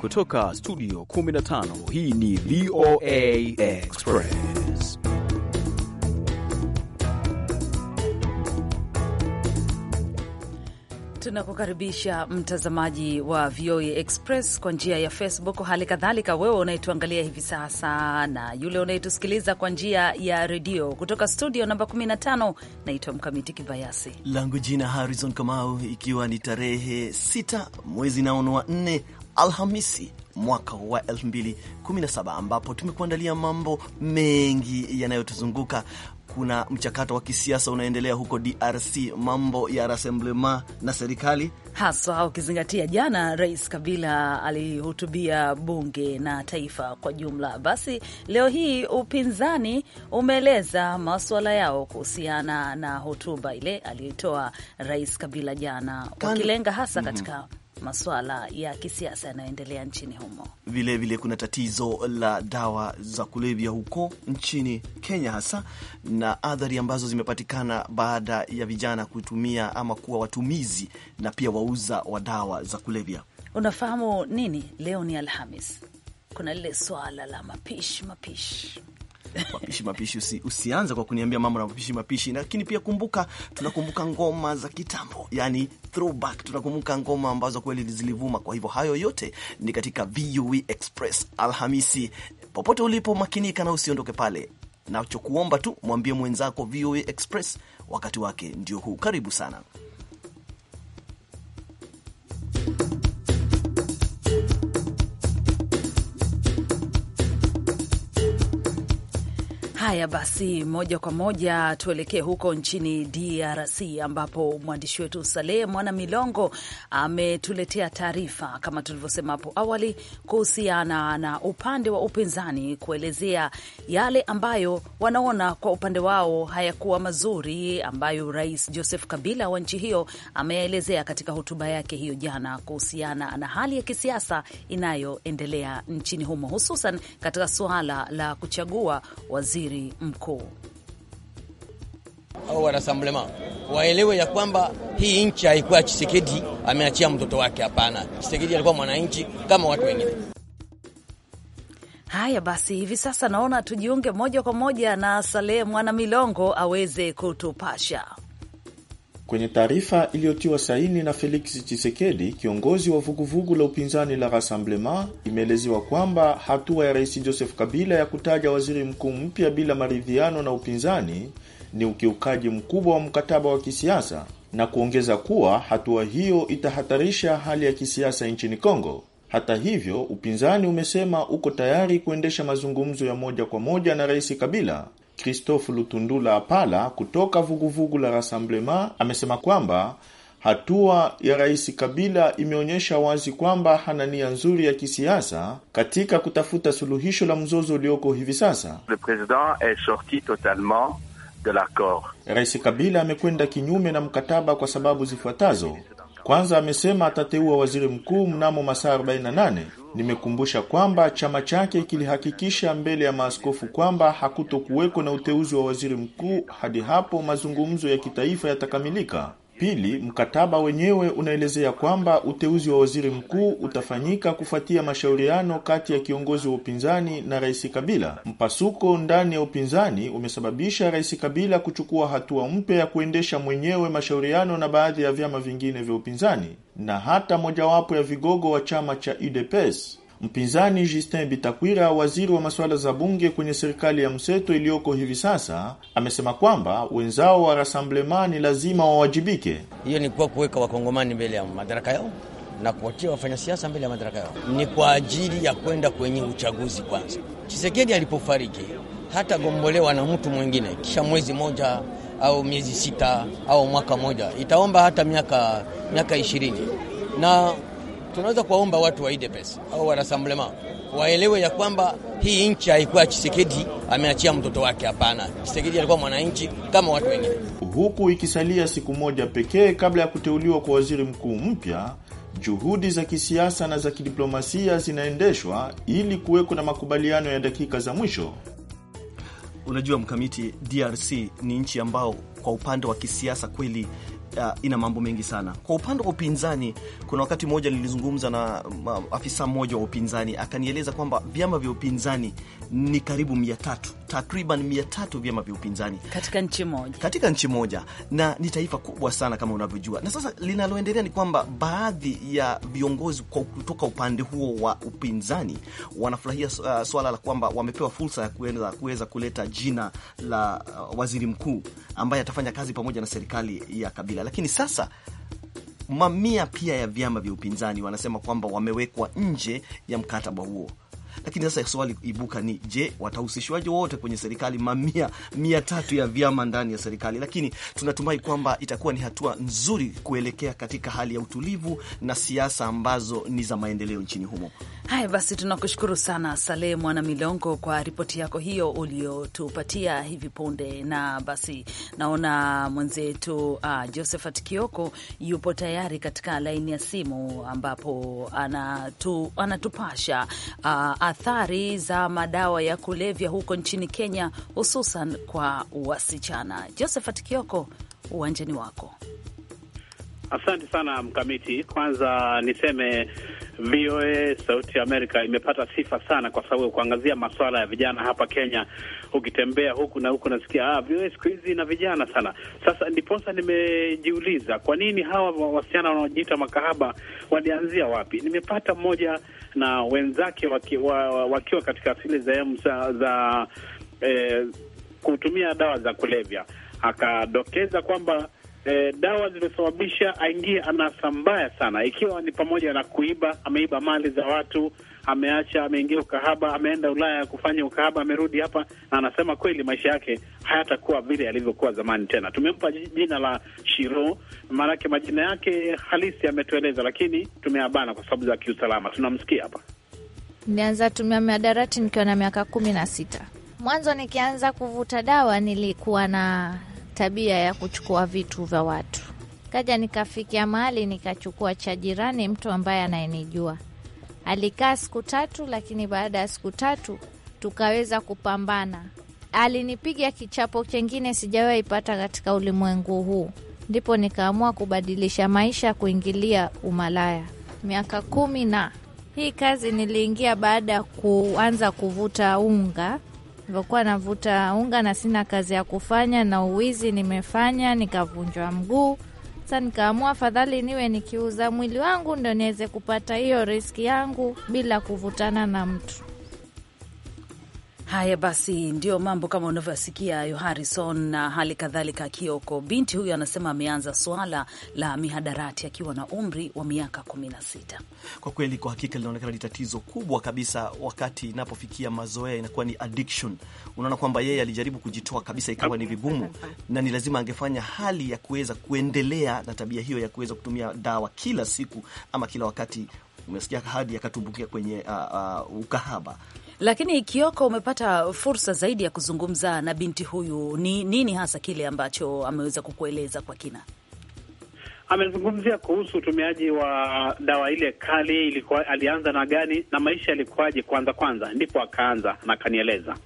Kutoka studio 15 hii ni VOA Express. Tunakukaribisha mtazamaji wa VOA Express kwa njia ya Facebook, hali kadhalika wewe unayetuangalia hivi sasa na yule unayetusikiliza kwa njia ya redio kutoka studio namba 15. Naitwa Mkamiti Kibayasi, langu jina Harrison Kamau, ikiwa ni tarehe 6 mwezi naono wa 4 Alhamisi mwaka wa 2017 ambapo tumekuandalia mambo mengi yanayotuzunguka. Kuna mchakato wa kisiasa unaendelea huko DRC, mambo ya rassemblement na serikali haswa, ukizingatia jana Rais Kabila alihutubia bunge na taifa kwa jumla. Basi leo hii upinzani umeeleza maswala yao kuhusiana na hotuba ile aliyoitoa Rais Kabila jana, wakilenga hasa katika mm -hmm masuala ya kisiasa yanayoendelea nchini humo. Vilevile vile kuna tatizo la dawa za kulevya huko nchini Kenya hasa na athari ambazo zimepatikana baada ya vijana kutumia ama kuwa watumizi na pia wauza wa dawa za kulevya. Unafahamu nini, leo ni Alhamis, kuna lile swala la mapishi mapishi mapishi mapishi, usi, usianza kwa kuniambia mambo na mapishi mapishi. Lakini pia kumbuka, tunakumbuka ngoma za kitambo, yani throwback, tunakumbuka ngoma ambazo kweli zilivuma. Kwa hivyo hayo yote ni katika voa e Express Alhamisi. Popote ulipo, makinika na usiondoke pale. Nachokuomba tu mwambie mwenzako VOA e Express wakati wake ndio huu. Karibu sana. Haya basi, moja kwa moja tuelekee huko nchini DRC ambapo mwandishi wetu Saleh Mwana Milongo ametuletea taarifa kama tulivyosema hapo awali kuhusiana na upande wa upinzani kuelezea yale ambayo wanaona kwa upande wao hayakuwa mazuri ambayo Rais Joseph Kabila wa nchi hiyo ameyaelezea katika hotuba yake hiyo jana kuhusiana na hali ya kisiasa inayoendelea nchini humo, hususan katika suala la kuchagua waziri waziri mkuu. Au wanasamblema waelewe ya kwamba hii nchi haikuwa Chisekedi ameachia mtoto wake. Hapana, Chisekedi alikuwa mwananchi kama watu wengine. Haya basi, hivi sasa naona tujiunge moja kwa moja na Salehe Mwana Milongo aweze kutupasha Kwenye taarifa iliyotiwa saini na Felix chisekedi kiongozi wa vuguvugu la upinzani la Rassemblement, imeelezewa kwamba hatua ya Rais Joseph Kabila ya kutaja waziri mkuu mpya bila maridhiano na upinzani ni ukiukaji mkubwa wa mkataba wa kisiasa na kuongeza kuwa hatua hiyo itahatarisha hali ya kisiasa nchini Kongo. Hata hivyo, upinzani umesema uko tayari kuendesha mazungumzo ya moja kwa moja na Rais Kabila Christophe Lutundula Apala kutoka vuguvugu vugu la Rassemblement amesema kwamba hatua ya Rais Kabila imeonyesha wazi kwamba hana nia nzuri ya kisiasa katika kutafuta suluhisho la mzozo ulioko hivi sasa. Le president est sorti totalement de l'accord. Rais Kabila amekwenda kinyume na mkataba kwa sababu zifuatazo. Kwanza amesema atateua waziri mkuu mnamo masaa 48. Nimekumbusha kwamba chama chake kilihakikisha mbele ya maaskofu kwamba hakutokuweko na uteuzi wa waziri mkuu hadi hapo mazungumzo ya kitaifa yatakamilika. Pili, mkataba wenyewe unaelezea kwamba uteuzi wa waziri mkuu utafanyika kufuatia mashauriano kati ya kiongozi wa upinzani na Rais Kabila. Mpasuko ndani ya upinzani umesababisha Rais Kabila kuchukua hatua mpya ya kuendesha mwenyewe mashauriano na baadhi ya vyama vingine vya upinzani na hata mojawapo ya vigogo wa chama cha UDPS. Mpinzani Justin Bitakwira, waziri wa masuala za bunge kwenye serikali ya mseto iliyoko hivi sasa, amesema kwamba wenzao wa Rassemblement ni lazima wawajibike. Hiyo ni kwa kuweka wakongomani mbele ya madaraka yao na kuwatia wafanyasiasa mbele ya madaraka yao, ni kwa ajili ya kwenda kwenye uchaguzi. Kwanza Chisekedi alipofariki hata gombolewa na mtu mwingine kisha mwezi moja au miezi sita au mwaka moja, itaomba hata miaka miaka ishirini na tunaweza kuwaomba watu wa pesa au Rassemblement waelewe ya kwamba hii nchi haikuwa Chisekedi ameachia mtoto wake. Hapana, Chisekedi alikuwa mwananchi kama watu wengine. Huku ikisalia siku moja pekee kabla ya kuteuliwa kwa waziri mkuu mpya, juhudi za kisiasa na za kidiplomasia zinaendeshwa ili kuweko na makubaliano ya dakika za mwisho. Unajua mkamiti, DRC ni nchi ambao kwa upande wa kisiasa kweli uh, ina mambo mengi sana. Kwa upande wa upinzani, kuna wakati mmoja nilizungumza na uh, afisa mmoja wa upinzani akanieleza kwamba vyama vya upinzani ni karibu mia tatu, takriban mia tatu vyama vya upinzani katika nchi moja, katika nchi moja, na ni taifa kubwa sana kama unavyojua. Na sasa linaloendelea ni kwamba baadhi ya viongozi kutoka upande huo wa upinzani wanafurahia uh, swala la kwamba wamepewa fursa ya kuweza kuleta jina la uh, waziri mkuu ambaye atafanya kazi pamoja na serikali ya Kabila. Lakini sasa mamia pia ya vyama vya upinzani wanasema kwamba wamewekwa nje ya mkataba huo. Lakini sasa swali ibuka ni je, watahusishwaje wote kwenye serikali? Mamia mia tatu ya vyama ndani ya serikali, lakini tunatumai kwamba itakuwa ni hatua nzuri kuelekea katika hali ya utulivu na siasa ambazo ni za maendeleo nchini humo. Haya basi, tunakushukuru sana saleh Mwana Milongo kwa ripoti yako hiyo uliotupatia hivi punde, na basi naona mwenzetu uh, Josephat Kioko yupo tayari katika laini ya simu ambapo anatu, anatupasha uh, athari za madawa ya kulevya huko nchini Kenya, hususan kwa wasichana. Josephat Kioko, uwanjani wako. Asante sana Mkamiti. Kwanza niseme VOA Sauti ya Amerika imepata sifa sana kwa sababu ya kuangazia masuala ya vijana hapa Kenya. Ukitembea huku na huku, nasikia ah, VOA siku hizi na vijana sana. Sasa ndiposa nimejiuliza kwa nini hawa wasichana wanaojiita makahaba walianzia wapi? Nimepata mmoja na wenzake wakiwa, wakiwa katika asili za, za, za eh, kutumia dawa za kulevya. Akadokeza kwamba eh, dawa zilizosababisha aingie anasa mbaya sana, ikiwa ni pamoja na kuiba. Ameiba mali za watu, ameacha, ameingia ukahaba, ameenda Ulaya kufanya ukahaba, amerudi hapa, na anasema kweli maisha yake hayatakuwa vile alivyokuwa zamani tena. Tumempa jina la Shiro, maanake majina yake halisi ametueleza lakini tumeabana kwa sababu za kiusalama. Tunamsikia hapa. Nianza tumia miadarati nikiwa na miaka kumi na sita. Mwanzo nikianza kuvuta dawa, nilikuwa na tabia ya kuchukua vitu vya watu. Kaja nikafikia mahali nikachukua cha jirani, mtu ambaye anayenijua. Alikaa siku tatu, lakini baada ya siku tatu tukaweza kupambana alinipiga kichapo chengine sijawahi pata katika ulimwengu huu. Ndipo nikaamua kubadilisha maisha, kuingilia umalaya miaka kumi. Na hii kazi niliingia baada ya kuanza kuvuta unga. Nilikuwa navuta unga na sina kazi ya kufanya, na uwizi nimefanya, nikavunjwa mguu. sa nikaamua afadhali niwe nikiuza mwili wangu ndo niweze kupata hiyo riski yangu bila kuvutana na mtu. Haya basi, ndio mambo kama unavyosikia Yoharison na hali kadhalika Kioko. Binti huyu anasema ameanza suala la mihadarati akiwa na umri wa miaka sita. Kwa kweli, kwa hakika linaonekana ni tatizo kubwa kabisa. Wakati inapofikia mazoea, inakuwa ni addiction. Unaona kwamba yeye alijaribu kujitoa kabisa, ikawa ni vigumu, na ni lazima angefanya hali ya kuweza kuendelea na tabia hiyo ya kuweza kutumia dawa kila siku ama kila wakati. Umesikia hadi akatumbukia kwenye uh, uh, ukahaba lakini Kioko, umepata fursa zaidi ya kuzungumza na binti huyu, ni nini hasa kile ambacho ameweza kukueleza kwa kina? Amezungumzia kuhusu utumiaji wa dawa ile kali, ilikuwa alianza na gani na maisha yalikuwaje kwanza kwanza, ndipo akaanza na akanieleza.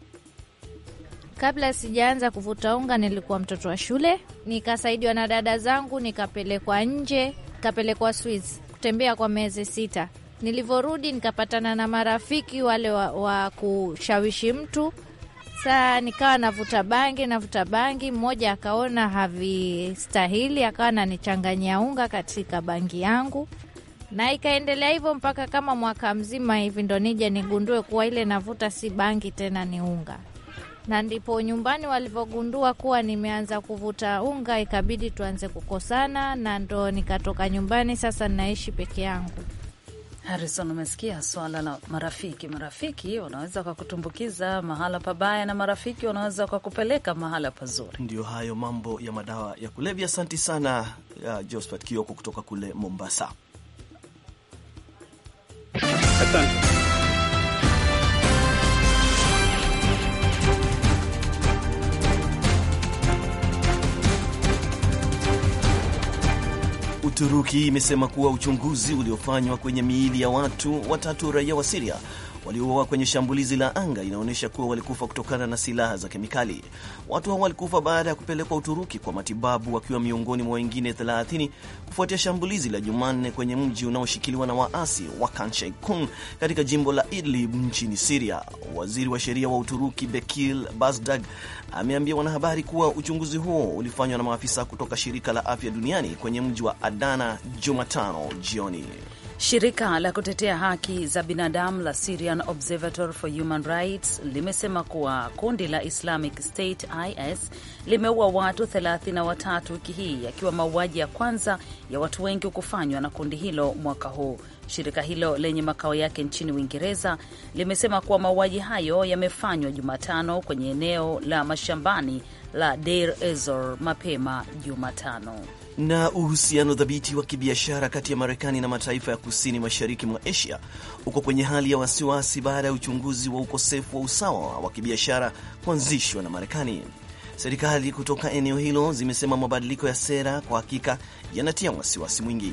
Kabla sijaanza kuvuta unga, nilikuwa mtoto wa shule, nikasaidiwa na dada zangu, nikapelekwa nje, kapelekwa Swiss kutembea kwa miezi sita. Nilivyorudi nikapatana na marafiki wale wa, wa kushawishi mtu saa, nikawa navuta bangi navuta bangi, mmoja akaona havistahili, akawa nanichanganyia unga katika bangi yangu, na ikaendelea hivyo mpaka kama mwaka mzima hivi, ndo nije nigundue kuwa ile navuta si bangi tena, ni unga na ndipo nyumbani walivyogundua kuwa nimeanza kuvuta unga, ikabidi tuanze kukosana, na ndo nikatoka nyumbani. Sasa naishi peke yangu. Harrison, umesikia swala la marafiki. Marafiki wanaweza wakakutumbukiza mahala pabaya na marafiki wanaweza wakakupeleka mahala pazuri. Ndio hayo mambo ya madawa ya kulevya. Asanti sana uh, Josphat Kioko kutoka kule Mombasa. Asante. Uturuki imesema kuwa uchunguzi uliofanywa kwenye miili ya watu watatu raia wa Siria waliouawa kwenye shambulizi la anga inaonyesha kuwa walikufa kutokana na silaha za kemikali. Watu hao walikufa baada ya kupelekwa Uturuki kwa matibabu wakiwa miongoni mwa wengine 30 kufuatia shambulizi la Jumanne kwenye mji unaoshikiliwa na waasi wa Kansheikun katika jimbo la Idlib nchini Siria. Waziri wa sheria wa Uturuki Bekir Basdag ameambia wanahabari kuwa uchunguzi huo ulifanywa na maafisa kutoka shirika la afya duniani kwenye mji wa Adana Jumatano jioni. Shirika la kutetea haki za binadamu la Syrian Observatory for Human Rights limesema kuwa kundi la Islamic State IS limeua watu 33 wiki hii, yakiwa mauaji ya kwanza ya watu wengi kufanywa na kundi hilo mwaka huu. Shirika hilo lenye makao yake nchini Uingereza limesema kuwa mauaji hayo yamefanywa Jumatano kwenye eneo la mashambani la Deir Ezor mapema Jumatano na uhusiano dhabiti wa kibiashara kati ya Marekani na mataifa ya kusini mashariki mwa Asia uko kwenye hali ya wasiwasi baada ya uchunguzi wa ukosefu wa usawa wa kibiashara kuanzishwa na Marekani. Serikali kutoka eneo hilo zimesema mabadiliko ya sera kwa hakika yanatia wasiwasi mwingi.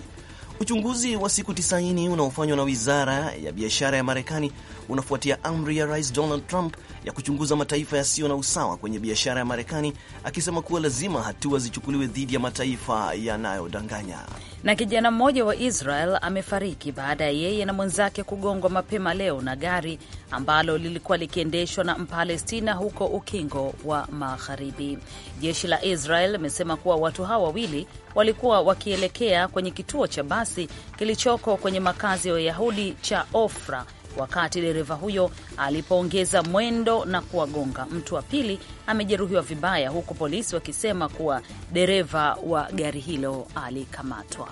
Uchunguzi wa siku 90 unaofanywa na wizara ya biashara ya Marekani unafuatia amri ya Rais Donald Trump ya kuchunguza mataifa yasiyo na usawa kwenye biashara ya Marekani, akisema kuwa lazima hatua zichukuliwe dhidi ya mataifa yanayodanganya. Na kijana mmoja wa Israel amefariki baada ya yeye na mwenzake kugongwa mapema leo na gari ambalo lilikuwa likiendeshwa na Mpalestina huko Ukingo wa Magharibi. Jeshi la Israel limesema kuwa watu hawa wawili walikuwa wakielekea kwenye kituo cha basi kilichoko kwenye makazi ya Wayahudi cha Ofra wakati dereva huyo alipoongeza mwendo na kuwagonga. Mtu wa pili amejeruhiwa vibaya, huku polisi wakisema kuwa dereva wa gari hilo alikamatwa.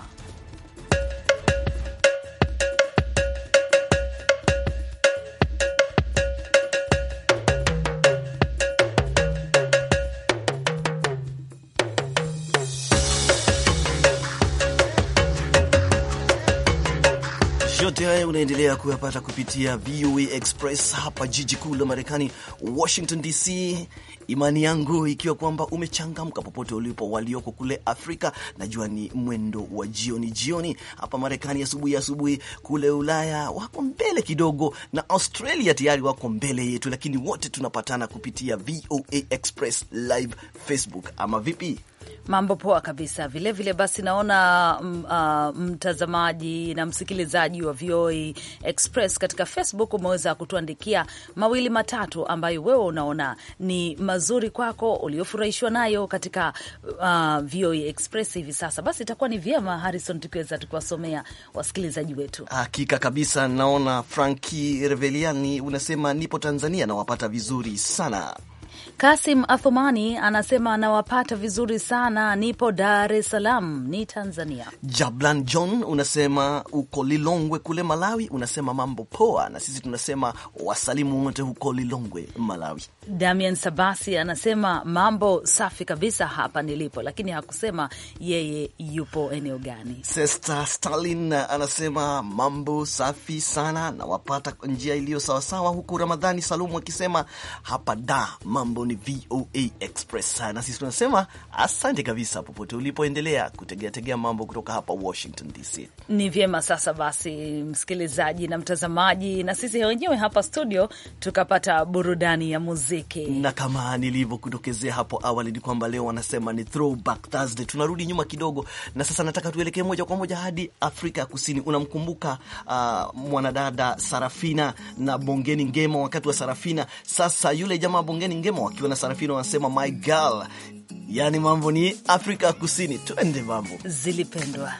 Yote haya unaendelea kuyapata kupitia VOA Express hapa jiji kuu la Marekani, Washington DC. Imani yangu ikiwa kwamba umechangamka popote ulipo. Walioko kule Afrika najua ni mwendo wa jioni jioni, hapa Marekani asubuhi asubuhi, kule Ulaya wako mbele kidogo, na Australia tayari wako mbele yetu, lakini wote tunapatana kupitia VOA Express live Facebook, ama vipi? Mambo poa kabisa. Vilevile vile basi, naona uh, mtazamaji na msikilizaji wa VOA Express katika Facebook umeweza kutuandikia mawili matatu ambayo wewe unaona ni mazuri kwako, uliofurahishwa nayo katika uh, ah, VOA Express hivi sasa. Basi itakuwa ni vyema Harrison, tukiweza tukiwasomea wasikilizaji wetu. Hakika kabisa, naona Franki Reveliani unasema nipo Tanzania nawapata vizuri sana Kasim Athumani anasema anawapata vizuri sana, nipo Dar es Salaam ni Tanzania. Jablan John unasema uko Lilongwe kule Malawi, unasema mambo poa, na sisi tunasema wasalimu wote huko Lilongwe Malawi. Damian Sabasi anasema mambo safi kabisa hapa nilipo, lakini hakusema yeye yupo eneo gani. Sesta Stalin anasema mambo safi sana, nawapata njia iliyo sawasawa, huku Ramadhani Salumu akisema hapa da mambo ni VOA Express, na sisi tunasema asante kabisa, popote ulipoendelea kutegeategea mambo kutoka hapa Washington DC. Ni vyema sasa basi, msikilizaji na mtazamaji, na sisi wenyewe hapa studio tukapata burudani ya muziki, na kama nilivyokutokezea hapo awali ni kwamba leo wanasema ni throwback Thursday. Tunarudi nyuma kidogo, na sasa nataka tuelekee moja kwa moja hadi Afrika ya Kusini. Unamkumbuka uh, mwanadada Sarafina na Bongeni Ngema wakati wa Sarafina? Sasa yule jamaa Bongeni Ngema wakiwa na Sarafina wanasema my girl, yaani mambo ni Afrika Kusini. Twende mambo zilipendwa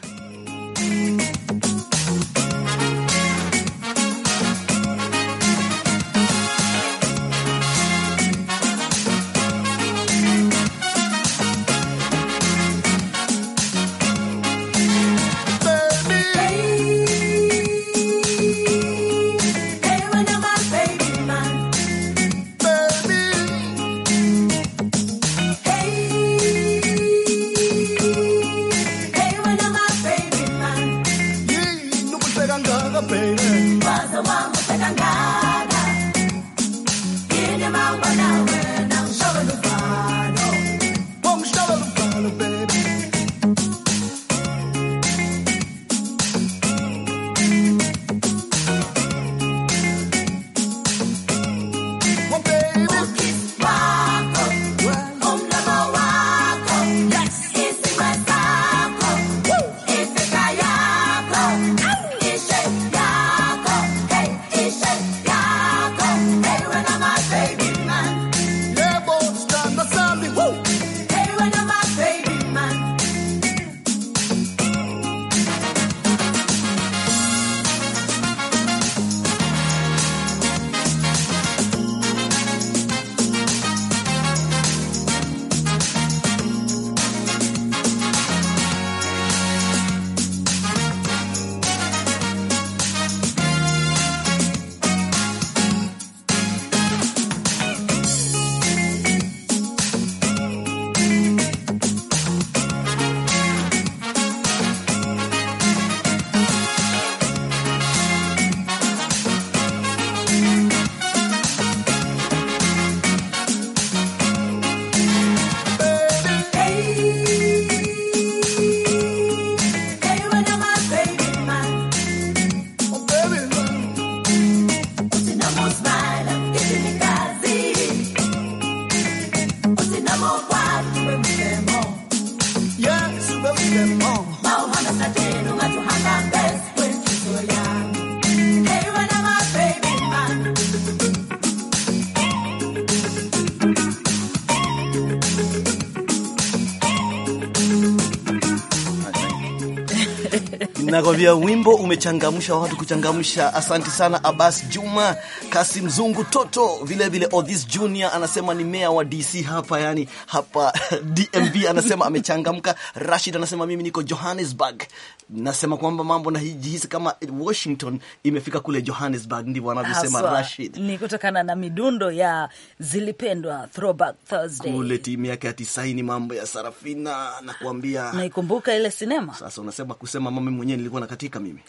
nakwambia wimbo umechangamsha watu kuchangamsha. Asante sana Abbas Juma Kasi Mzungu Toto vile vile Odhis Junior anasema ni meya wa DC hapa, yani hapa DMV anasema amechangamka. Rashid anasema mimi niko Johannesburg, nasema kwamba mambo najihisi kama Washington imefika kule Johannesburg, ndivyo anavyosema Rashid. Ni kutokana na midundo ya zilipendwa Throwback Thursday kule timu yake ya tisaini, mambo ya Sarafina nakuambia, naikumbuka ile sinema. Sasa unasema kusema mama mwenyewe nilikuwa nakatika mimi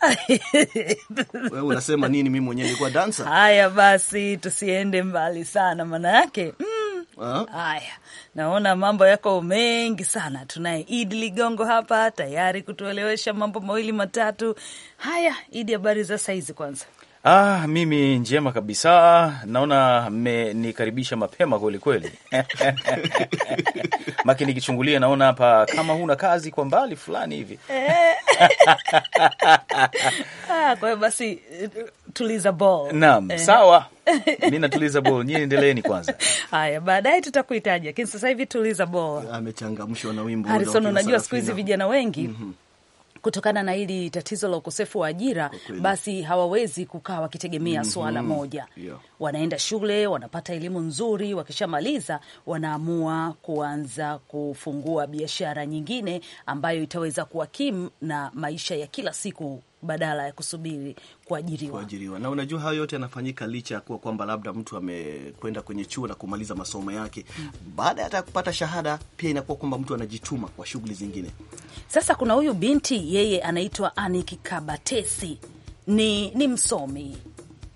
Wewe unasema nini? Mimi mwenyewe nilikuwa dansa. Haya basi, tusiende mbali sana, maana yake mm. Haya, naona mambo yako mengi sana. Tunaye Idi Ligongo hapa tayari kutuelewesha mambo mawili matatu. Haya Idi, habari za saizi kwanza? Ah, mimi njema kabisa. Naona mmenikaribisha mapema kweli kweli. Maki nikichungulia naona hapa kama huna kazi kwa mbali fulani hivi. Ah, kwa hiyo basi tuliza ball. Naam, eh. sawa. Mimi natuliza ball. Nyinyi endeleeni kwanza. Haya, baadaye tutakuhitaji. Lakini sasa hivi tuliza ball. Amechangamshwa na wimbo. Harrison, unajua siku hizi vijana wengi mm -hmm kutokana na hili tatizo la ukosefu wa ajira okay. Basi hawawezi kukaa wakitegemea mm -hmm. swala moja yeah. Wanaenda shule wanapata elimu nzuri, wakishamaliza wanaamua kuanza kufungua biashara nyingine ambayo itaweza kuwakimu na maisha ya kila siku badala ya kusubiri kuajiriwa. Kuajiriwa. Na unajua hayo yote yanafanyika licha ya kuwa kwamba labda mtu amekwenda kwenye chuo na kumaliza masomo yake hmm. Baada ya kupata shahada pia inakuwa kwamba mtu anajituma kwa shughuli zingine. Sasa kuna huyu binti yeye anaitwa Aniki Kabatesi ni, ni msomi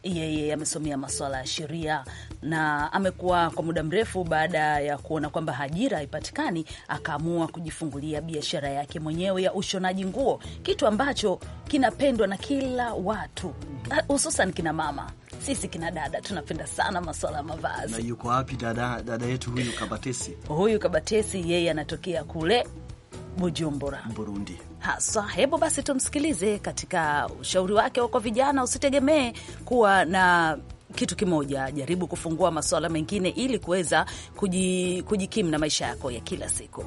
yeye amesomea masuala ya sheria na amekuwa kwa muda mrefu, baada ya kuona kwamba ajira haipatikani, akaamua kujifungulia biashara yake mwenyewe ya ushonaji nguo, kitu ambacho kinapendwa na kila watu, eh, hususan kina mama. Sisi kina dada tunapenda sana masuala ya mavazi. Na yuko wapi dada, dada yetu huyu Kabatesi? Huyu Kabatesi yeye anatokea kule Bujumbura, Burundi haswa. Hebu basi tumsikilize katika ushauri wake kwa vijana, usitegemee kuwa na kitu kimoja, jaribu kufungua masuala mengine ili kuweza kujikimu na maisha yako ya kila siku.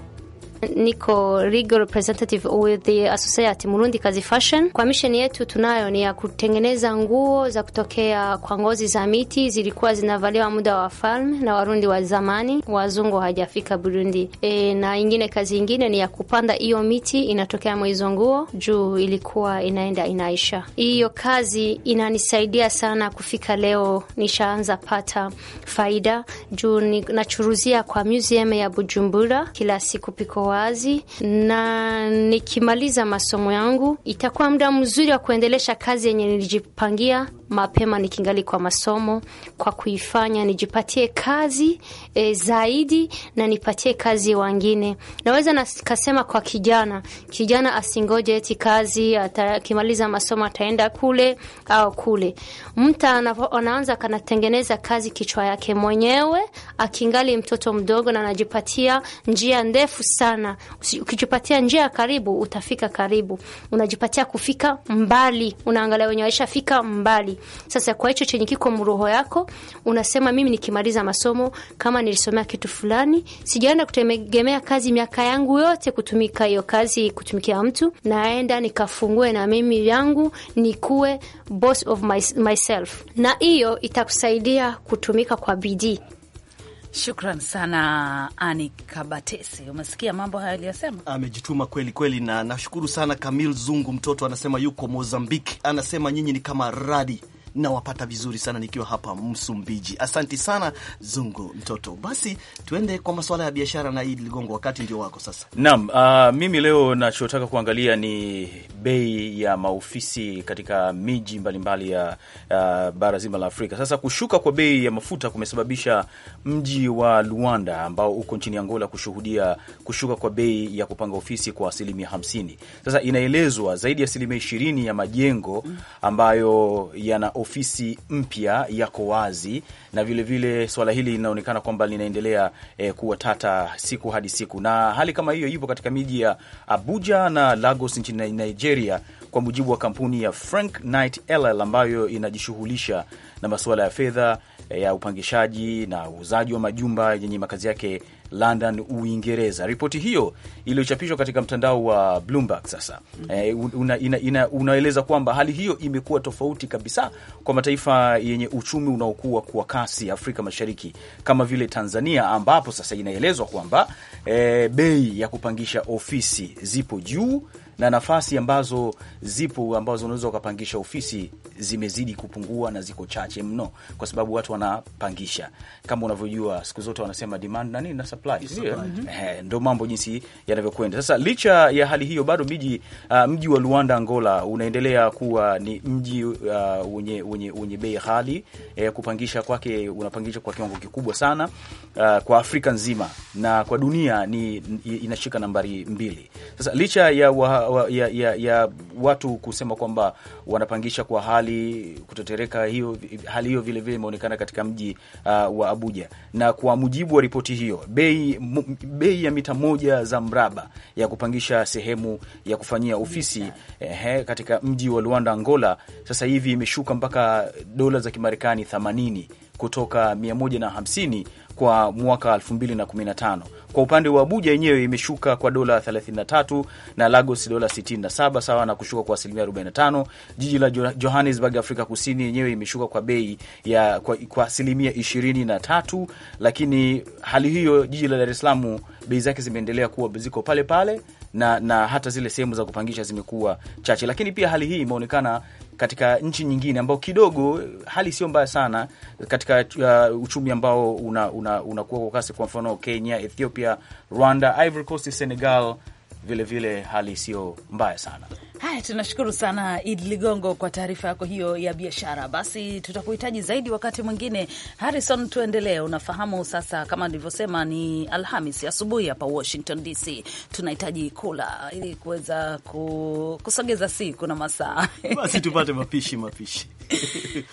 Niko legal representative with the associate Murundi Kazi Fashion. Kwa mission yetu tunayo ni ya kutengeneza nguo za kutokea kwa ngozi za miti, zilikuwa zinavaliwa muda wa wafalme na Warundi wa zamani, wazungu hajafika Burundi. E, na ingine kazi ingine ni ya kupanda hiyo miti inatokea mwizo nguo juu ilikuwa inaenda inaisha. Hiyo kazi inanisaidia sana kufika leo, nishaanza pata faida juu nachuruzia kwa museum ya Bujumbura kila siku piko wazi, na nikimaliza masomo yangu itakuwa muda mzuri wa kuendelesha kazi yenye nilijipangia mapema nikingali kwa masomo, kwa kuifanya nijipatie kazi e, zaidi na nipatie kazi wengine. Naweza nikasema kwa kijana, kijana asingoje eti kazi akimaliza masomo ataenda kule au kule. Mtu anaanza kanatengeneza kazi kichwa yake mwenyewe akingali mtoto mdogo, na anajipatia njia ndefu sana. Ukijipatia njia ya karibu utafika karibu, unajipatia kufika mbali, unaangalia wenye waishafika mbali. Sasa kwa hicho chenye kiko mruho yako unasema, mimi nikimaliza masomo kama nilisomea kitu fulani, sijaenda kutegemea kazi miaka yangu yote kutumika hiyo kazi, kutumikia mtu. Naenda nikafungue na mimi yangu, nikuwe boss of my, myself, na hiyo itakusaidia kutumika kwa bidii. Shukran sana Ani Kabatesi, umesikia mambo hayo aliyosema, amejituma kweli kweli, na nashukuru sana Kamil Zungu mtoto anasema yuko Mozambiki, anasema nyinyi ni kama radi nawapata vizuri sana nikiwa hapa Msumbiji. Asanti sana Zungu Mtoto. Basi tuende kwa masuala ya biashara na Idi Ligongo, wakati ndio wako sasa. Naam, uh, mimi leo nachotaka kuangalia ni bei ya maofisi katika miji mbalimbali ya uh, bara zima la Afrika. Sasa kushuka kwa bei ya mafuta kumesababisha mji wa Luanda ambao uko nchini Angola kushuhudia kushuka kwa bei ya kupanga ofisi kwa asilimia 50. Sasa inaelezwa zaidi ya asilimia 20 ya majengo ambayo yana ofisi mpya yako wazi, na vilevile vile swala hili linaonekana kwamba linaendelea eh, kuwa tata siku hadi siku, na hali kama hiyo ipo katika miji ya Abuja na Lagos nchini Nigeria Nigeria, kwa mujibu wa kampuni ya Frank Knight LL ambayo inajishughulisha na masuala ya fedha eh, ya upangishaji na uuzaji wa majumba yenye makazi yake London, Uingereza. Ripoti hiyo iliyochapishwa katika mtandao wa Bloomberg sasa mm-hmm. e, una, ina, ina, unaeleza kwamba hali hiyo imekuwa tofauti kabisa kwa mataifa yenye uchumi unaokuwa kwa kasi Afrika Mashariki kama vile Tanzania, ambapo sasa inaelezwa kwamba e, bei ya kupangisha ofisi zipo juu na nafasi ambazo zipo ambazo unaweza ukapangisha ofisi zimezidi kupungua na ziko chache mno, kwa sababu watu wanapangisha. Kama unavyojua siku zote wanasema demand na nini na supply, Yeah. mm -hmm. mambo jinsi yanavyokwenda sasa. Licha ya hali hiyo, bado miji uh, mji wa Luanda, Angola unaendelea kuwa ni mji uh, wenye, wenye, wenye bei ghali eh, kupangisha kwake, unapangisha kwa kiwango kikubwa sana uh, kwa Afrika nzima na kwa dunia ni, inashika nambari mbili sasa licha ya wa, wa, ya, ya, ya watu kusema kwamba wanapangisha kwa hali kutetereka. Hiyo hali hiyo vilevile imeonekana katika mji uh, wa Abuja, na kwa mujibu wa ripoti hiyo, bei bei ya mita moja za mraba ya kupangisha sehemu ya kufanyia ofisi eh, katika mji wa Luanda, Angola, sasa hivi imeshuka mpaka dola za Kimarekani 80 kutoka 150 kwa mwaka 2015. Kwa upande wa Abuja yenyewe imeshuka kwa dola 33 na Lagos dola 67, sawa na kushuka kwa asilimia 45. Jiji la Johannesburg, Afrika Kusini, yenyewe imeshuka kwa bei ya kwa asilimia 23, lakini hali hiyo jiji la Dar es Salaam bei zake zimeendelea kuwa ziko pale pale na, na hata zile sehemu za kupangisha zimekuwa chache, lakini pia hali hii imeonekana katika nchi nyingine ambao kidogo hali sio mbaya sana katika uh, uchumi ambao unakuwa una, kwa kasi. Kwa mfano Kenya, Ethiopia, Rwanda, Ivory Coast, Senegal vilevile vile hali sio mbaya sana. Haya, tunashukuru sana id Ligongo kwa taarifa yako hiyo ya biashara. Basi tutakuhitaji zaidi wakati mwingine, Harrison. Tuendelee. Unafahamu sasa, kama nilivyosema, ni Alhamis asubuhi hapa Washington DC, tunahitaji kula ili kuweza kusogeza siku na masaa basi tupate mapishi mapishi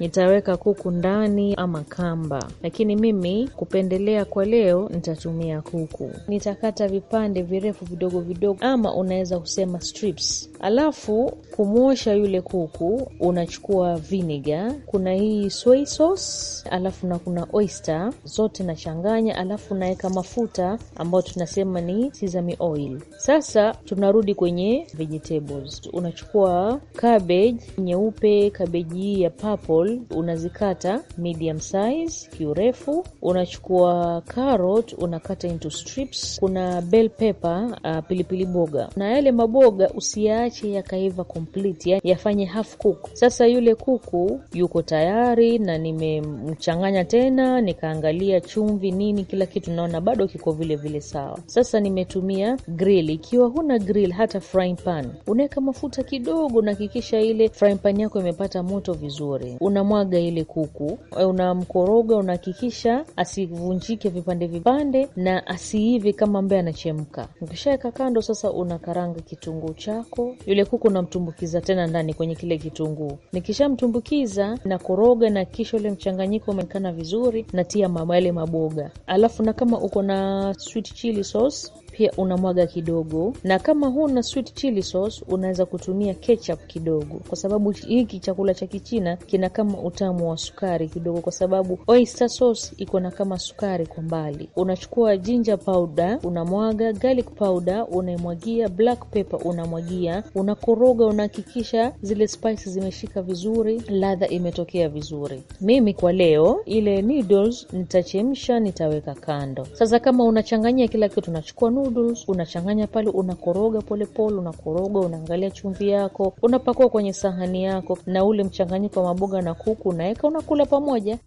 nitaweka kuku ndani ama kamba, lakini mimi kupendelea kwa leo nitatumia kuku. Nitakata vipande virefu vidogo vidogo, ama unaweza kusema strips. Alafu kumwosha yule kuku, unachukua vinegar, kuna hii soy sauce, alafu na kuna oyster, zote nachanganya, alafu naweka mafuta ambayo tunasema ni sesame oil. Sasa tunarudi kwenye vegetables, unachukua cabbage nyeupe, cabbage hii ya papo apple unazikata medium size kiurefu. Unachukua carrot unakata into strips. Kuna bell pepper, uh, pilipili boga na yale maboga usiyaache yakaiva complete, yani yafanye half cook. Sasa yule kuku yuko tayari na nimemchanganya tena, nikaangalia chumvi nini, kila kitu naona bado kiko vile vile sawa. Sasa nimetumia grill. Ikiwa huna grill, hata frying pan unaweka mafuta kidogo, na hakikisha ile frying pan yako imepata moto vizuri unamwaga ile kuku, eh, unamkoroga, unahakikisha asivunjike vipande vipande na asiive kama ambaye anachemka. Ukishaweka kando, sasa unakaranga kitunguu chako, yule kuku unamtumbukiza tena ndani kwenye kile kitunguu. Nikishamtumbukiza nakoroga, na kisha ule mchanganyiko umeonekana vizuri, natia yale maboga, alafu na kama uko na sweet chili sauce pia unamwaga kidogo, na kama huna sweet chili sauce unaweza kutumia ketchup kidogo, kwa sababu hiki chakula cha Kichina kina kama utamu wa sukari kidogo, kwa sababu oyster sauce iko na kama sukari kwa mbali. Unachukua ginger powder unamwaga, garlic powder unaimwagia, black pepper unamwagia, unakoroga, unahakikisha zile spices zimeshika vizuri, ladha imetokea vizuri. Mimi kwa leo ile noodles nitachemsha, nitaweka kando. Sasa kama unachanganyia kila kitu, unachukua noodles, unachanganya pale, unakoroga polepole, unakoroga, unaangalia chumvi yako, unapakua kwenye sahani yako, na ule mchanganyiko wa maboga na kuku unaweka, unakula pamoja.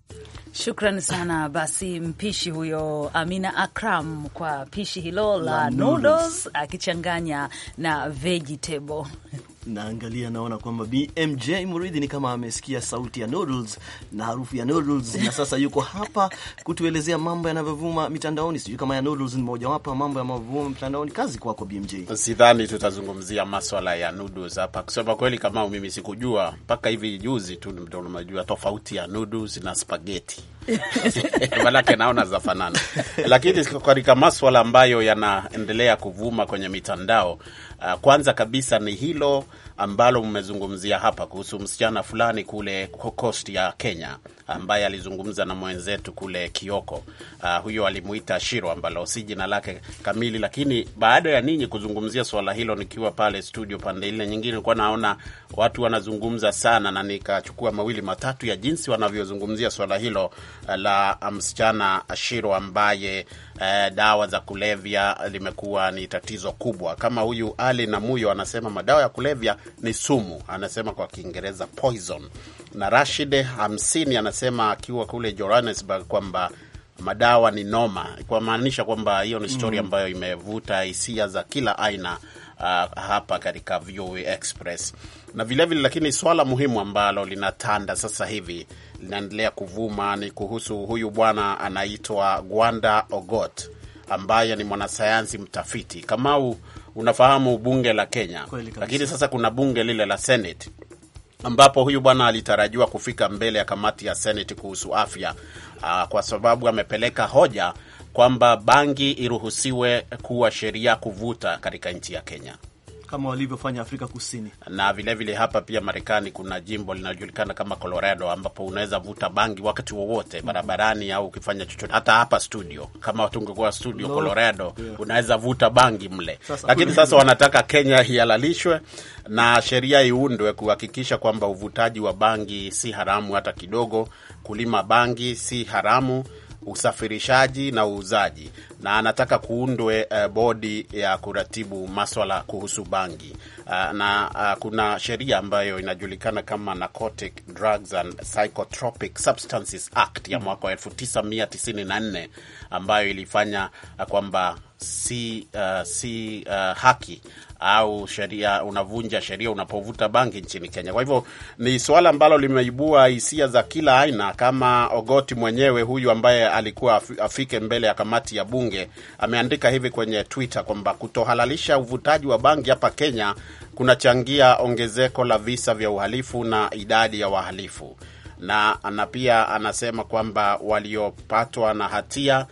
Shukran sana basi, mpishi huyo Amina Akram kwa pishi hilo la noodles akichanganya na vegetable. Naangalia naona kwamba BMJ Muridhi ni kama amesikia sauti ya noodles na harufu ya noodles, na sasa yuko hapa kutuelezea mambo yanavyovuma mitandaoni. Sijui kama ya noodles ni mojawapo ya mambo yanavyovuma mitandaoni. Kazi kwako BMJ. Sidhani tutazungumzia maswala ya noodles hapa, kusema kweli, kama mimi sikujua mpaka hivi juzi tu ndo najua tofauti ya noodles na spaghetti manake naona zafanana. Lakini katika maswala ambayo yanaendelea kuvuma kwenye mitandao, uh, kwanza kabisa ni hilo ambalo mmezungumzia hapa kuhusu msichana fulani kule kost ya Kenya ambaye alizungumza na mwenzetu kule Kioko. Uh, huyo alimuita Shiro, ambalo si jina lake kamili, lakini baada ya ninyi kuzungumzia swala hilo nikiwa pale studio pande ile nyingine, nilikuwa naona watu wanazungumza sana, na nikachukua mawili matatu ya jinsi wanavyozungumzia swala hilo ah, la msichana Shiro ambaye eh, dawa za kulevya limekuwa ni tatizo kubwa. Kama huyu Ali na Muyo anasema madawa ya kulevya ni sumu, anasema kwa Kiingereza poison, na Rashid hamsini anasema anasema akiwa kule Johannesburg kwamba madawa ni noma, kwa kwamba hiyo ni stori mhm. ambayo imevuta hisia za kila aina uh, hapa katika VOA Express na vilevile Lakini swala muhimu ambalo linatanda sasa hivi linaendelea kuvuma ni kuhusu huyu bwana anaitwa Gwanda Ogot ambaye ni mwanasayansi mtafiti. Kamau, unafahamu bunge la Kenya, lakini sasa kuna bunge lile la Senate ambapo huyu bwana alitarajiwa kufika mbele ya kamati ya Seneti kuhusu afya uh, kwa sababu amepeleka hoja kwamba bangi iruhusiwe kuwa sheria kuvuta katika nchi ya Kenya kama walivyofanya Afrika Kusini. Na vilevile vile hapa pia Marekani kuna jimbo linajulikana kama Colorado, ambapo unaweza vuta bangi wakati wowote barabarani au ukifanya chochote, hata hapa studio. Kama tungekuwa studio Colorado, yeah, unaweza vuta bangi mle sasa, lakini sasa wanataka Kenya ihalalishwe na sheria iundwe kuhakikisha kwamba uvutaji wa bangi si haramu hata kidogo, kulima bangi si haramu usafirishaji na uuzaji, na anataka kuundwe uh, bodi ya kuratibu maswala kuhusu bangi uh, na uh, kuna sheria ambayo inajulikana kama Narcotic Drugs and Psychotropic Substances Act ya mwaka wa 1994 ambayo ilifanya uh, kwamba si, uh, si uh, haki au sheria, unavunja sheria unapovuta bangi nchini Kenya. Kwa hivyo ni suala ambalo limeibua hisia za kila aina, kama Ogoti mwenyewe huyu ambaye alikuwa afike mbele ya kamati ya bunge ameandika hivi kwenye Twitter kwamba kutohalalisha uvutaji wa bangi hapa Kenya kunachangia ongezeko la visa vya uhalifu na idadi ya wahalifu, na na pia anasema kwamba waliopatwa na hatia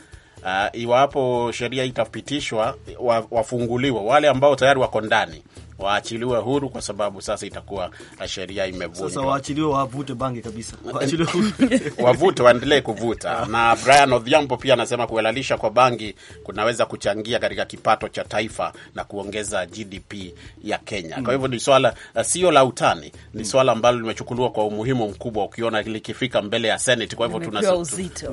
uh, iwapo sheria itapitishwa, wafunguliwe wale ambao tayari wako ndani waachiliwe huru kwa sababu sasa itakuwa sheria imevunjwa. Sasa waachiliwe wavute bangi kabisa, waachiliwe huru wavute, waendelee kuvuta. Ah. Na Brian Odhiambo pia anasema kuhalalisha kwa bangi kunaweza kuchangia katika kipato cha taifa na kuongeza GDP ya Kenya. Kwa mm. hivyo ni swala eh, sio la utani, ni mm. swala ambalo limechukuliwa kwa umuhimu mkubwa, ukiona likifika mbele ya Senate. Kwa hivyo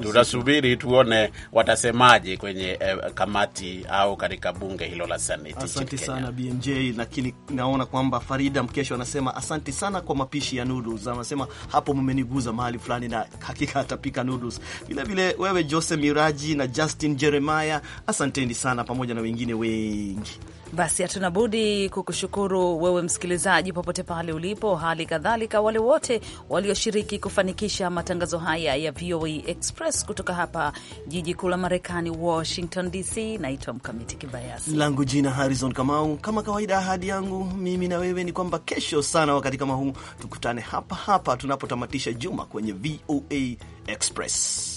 tunasubiri, tuone watasemaje kwenye eh, kamati au katika bunge hilo la Senate. Asante sana BMJ, lakini naona kwamba Farida Mkesho anasema asante sana kwa mapishi ya noodles. Anasema hapo mmeniguza mahali fulani, na hakika atapika noodles. Vilevile wewe Jose Miraji na Justin Jeremiah, asanteni sana, pamoja na wengine wengi. Basi hatuna budi kukushukuru wewe msikilizaji, popote pale ulipo, hali kadhalika wale wote walioshiriki kufanikisha matangazo haya ya VOA Express kutoka hapa jiji kuu la Marekani, Washington DC. Naitwa Mkamiti Kibayasi, langu jina Harrison Kamau, kama kawaida hadi ya langu mimi na wewe ni kwamba kesho sana wakati kama huu tukutane hapa hapa tunapotamatisha juma kwenye VOA Express.